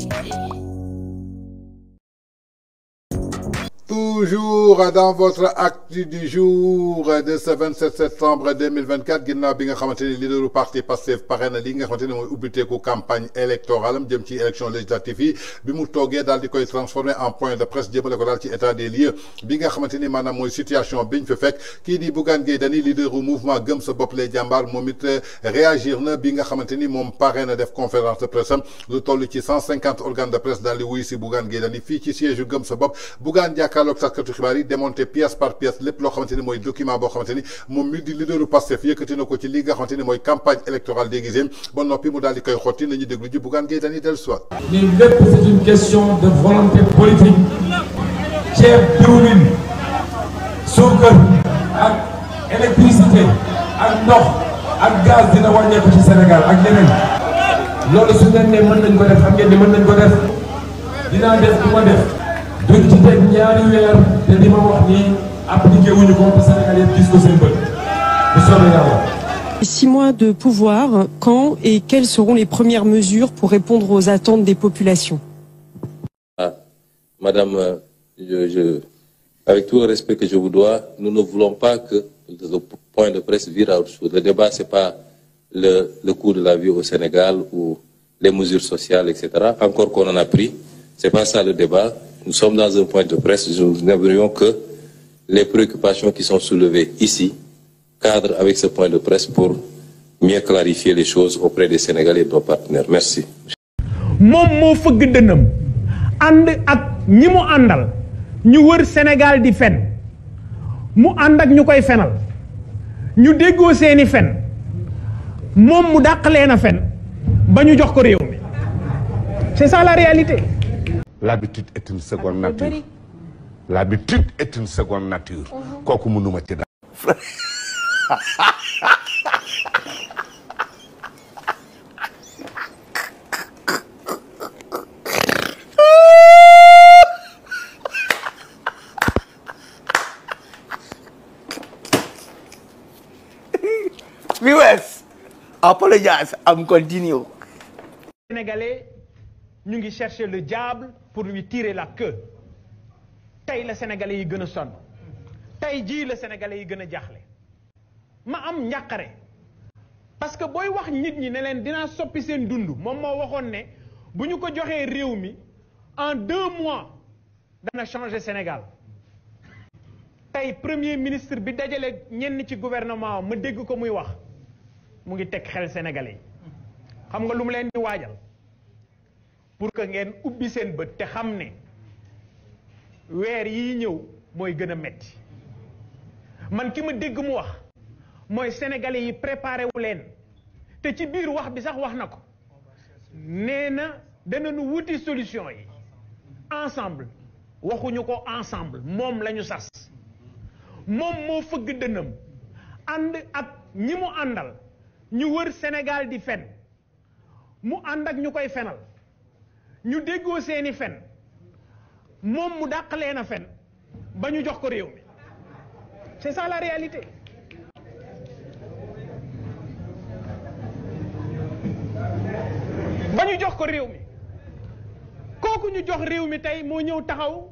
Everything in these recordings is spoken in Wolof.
Yeah. toujours dans votre actu du jour de ce 27 septembre 2024 ginnaaw bi nga xamante ni parti Pastef pare na li nga xamante ni mooy ubbiteeku campagne électorale am élection législative yi bi mu toogee di transformé en point de presse jëmale ko daal ci état des lieux bi nga xamante situation biñ fi Qui dit di Bougane leader leader mouvement gëm sa peuple lay jàmbaar moom euh, réagir na bi nga xamante ni moom conférence de presse nous avons 150 organes de presse dans le wuyu si Bougane Gueye Dany fii ci siège yu sa bopp jàkkaarloog taskatu xibaar yi démonté pièce par pièce lépp loo xamante ni mooy document boo xamante ni moom mi di leaderu Pastef yëkkati na ko ci li nga xamante ni mooy campagne électorale déguisée ba noppi mu daal di koy xotti nañu déglu ji Bougane Gueye Dany dellu soit ni lépp c'est une question de volonté politique ceeb diwlin suukar ak électricité ak ndox ak gaz dina wàññeeku ci Sénégal ak yeneen loolu su ngeen ne mën nañ ko def xam ngeen ne mën nañ ko def dinaa def du ma def Six mois de pouvoir, quand et quelles seront les premières mesures pour répondre aux attentes des populations ah, Madame, euh, je, avec tout le respect que je vous dois, nous ne voulons pas que le point de presse vire à autre chose. Le débat, ce n'est pas le, cours de la vie au Sénégal ou les mesures sociales, etc. Encore qu'on en a pris, ce n'est pas ça le débat. Nous sommes dans un point de presse. Nous n'aimerions que les préoccupations qui sont soulevées ici cadrent avec ce point de presse pour mieux clarifier les choses auprès des Sénégalais et de nos partenaires. Merci. Sénégal c'est ça la réalité l'habitude est une seconde nature l'habitude uh-huh. est une seconde nature kooku mënuma ci dara viewers apologize I'm continue sénégalais ñu ngi chercher le diable pour lui tirer la queue Tay la sénégalais yi gën a Tay tey le sénégalais yi gën a ma am njàqare parce que boy wax nit ñi ne leen dinaa soppi sen dundu, mom mo waxoon ne buñu ko joxé réew en deux mois dana changer Sénégal Tay premier ministre bi dajalé ñenn ci gouvernement ma dégg ko muy wax mu ngi xel sénégalais xam nga lu mu di pour que ngeen ubbi seen bët te xam ne weer yi ñëw mooy gën a metti man ki ma dégg mu wax mooy sénégalais yi préparé wu leen te ci biir wax bi sax wax na ko nee na wuti solution yi ensemble waxuñu ko ensemble moom lañu sas moom moo fëgg dënam ànd ak ñi mu àndal ñu wër sénégal di fen mu ànd ak ñu koy fenal ñu déggoo seeni fen moom mu dàq leen a fen ba ñu jox ko réew mi c'est ça la réalité ba ñu jox ko réew mi kooku ñu jox réew mi tey moo ñëw taxaw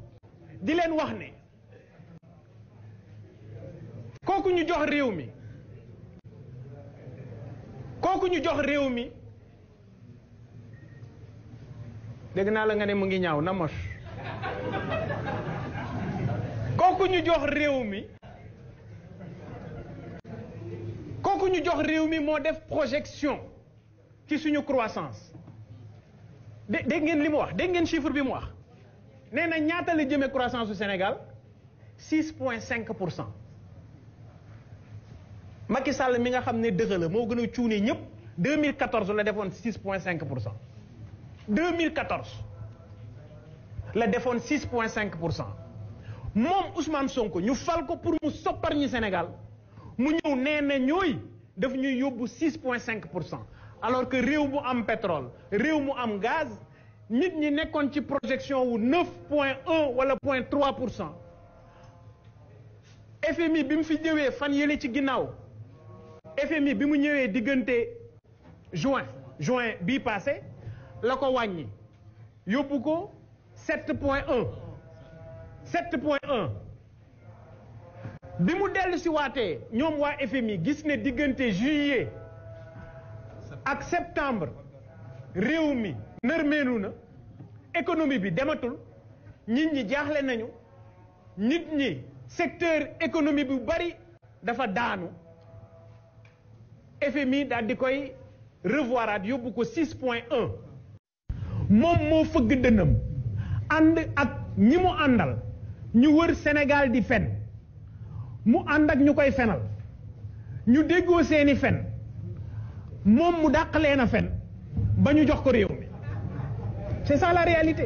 di leen wax ne kooku ñu jox réew mi kooku ñu jox réew mi dégg naa la nga ne mu ngi ñaaw na mos koku ñu jox rew mi koku ñu jox rew mi mo def projection ci suñu croissance de de ngeen limu wax de ngeen chiffre bi mu wax neena ñaata la jëme croissance du Sénégal 6.5% Macky Sall mi nga xamné ne mo gëna ciuné ñëpp 2014 la défon 6.5% 2014 la défense 6,5 Moi, Ousmane Sonko nous fal pour nous soppar ñi Sénégal nous sommes devenus 6,5 alors que nous avons am pétrole réew mu am gaz nit ñi nekkoon projection wu 9,1 ou 9,3%. 3 pour FMI a fait fi ñëwee fan yele ci ginnaw FMI bimu ñëwé digënté juin juin bi passé. Loko wanyi Yopouko 7.1 7.1 Bi model si wate Nyon mwa FMI Gisne digente juye Ak septembre Reoumi nermenou Ekonomi bi dematou Nyi nyi diakle nanyou Nyi nyi Sektor ekonomi bi bari Dafa danou FMI da dikoy Revoirad yopouko 6.1 moom moo fëgg dënnam ànd ak ñi mu àndal ñu wër senegal di fen mu ànd ak ñu koy fenal ñu déggoo seeni fen moom mu dàq leen fen ba ñu jox ko réew mi c'est la réalité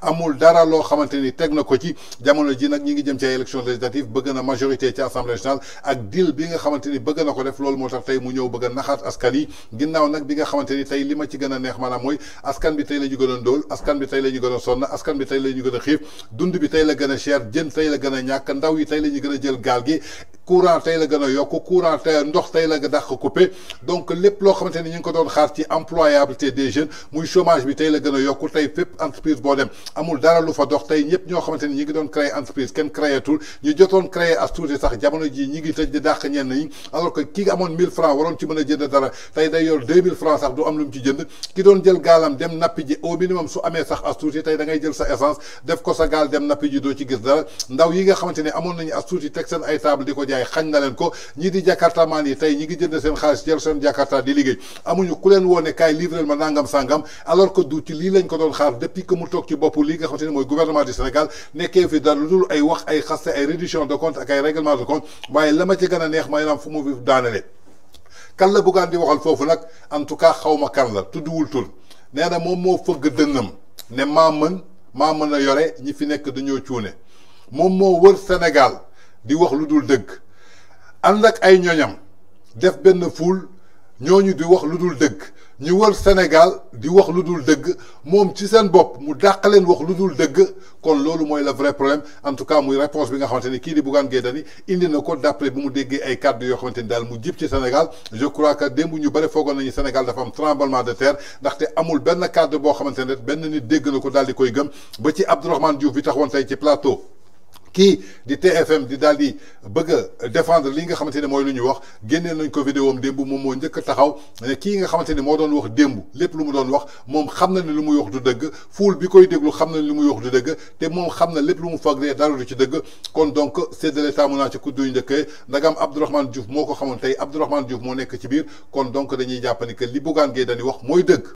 amul dara loo xamante ni teg na ko ci jamono ji nag ñi ngi jëm ci ay élection législative bëgg na majorité ci assemblée nationale ak deal bi nga xamante ni bëgg na ko def loolu moo tax tey mu ñëw bëgg na naxaat askan yi ginnaaw nag bi nga xamante ni tey li ma ci gën a neex a mooy askan bi tey la ñu gën a ndóol askan bi tey la ñu gën a sonn askan bi tey la ñu gën a xiif dund bi tey la gën a cher jën tey la gën a ñàkk ndaw yi tey la ñu gën a jël gaal gi courant tey la gën a yokk courant tey ndox tey la dàq coupé donc lépp loo xamante ni ñu ngi ko doon xaar ci employabilité des jeunes muy chômage bi tey la gën a yokku tey fépp entreprise boo dem amul dara lu fa dox tey ñëpp ñoo xamante ni ñi ngi doon créer entreprise kenn créatul ñu jotoon créer as tuuti sax jamono ji ñi ngi tëj di dàq ñenn ñi alors que ki amoon 1000 francs waroon ci mën a jënd dara tey day yor 2000 francs sax du am lu mu ci jaay xañ na ko di jakarta maan yi tey ñi ngi jënd seen xaalis jël seen jakarta di liggéey amuñu ku leen ma nangam sangam alors que du ci lii lañ ko doon xaar depuis que mu ci nga gouvernement du Sénégal nekkee fi dara lu dul ay wax ay xaste ay réduction de compte ak ay règlement de compte waaye la ci gën neex may fu mu daanale kan la di waxal en tout cas kan la tudduwul tur ne maa mën maa mën a yore ñi fi nekk dañoo wër Sénégal di wax lu dul ànd ay ñoñam def ben foule ñooñu di wax luddul deug ñu Sénégal di wax luddul deug mom ci mu wax luddul vrai problème en tout cas muy réponse bi nga xamanteni ki di bugan indi na d'après bu mu déggé ay mu jip ci Sénégal je crois que dembu ñu nous fogon nañu Sénégal dafa am tremblement de terre ndaxte amul ben cadre bo xamanteni ben nit dégg na dal di koy gëm ba ci Abdourahmane Diouf bi plateau. kii di TFM di daal di bëgg a défendre nga xamante ne mooy lu ñuy wax génnee nañ ko vidéo am démb moom moo njëkk a taxaw ne kii nga xamante ne moo doon wax démb lépp lu mu doon wax moom xam na ne lu muy wax du dëgg fuul bi koy déglu xam na ne lu muy wax du dëgg te moom xam na lépp lu mu fag dee dara du ci dëgg kon donc séddale taamu naa ci kudduy njëkkee ndagam Abdourahmane Diouf moo ko xamoon tey Abdourahmane Diouf moo nekk ci biir kon donc dañuy jàpp ni que li Bougane Gueye dañuy wax mooy dëgg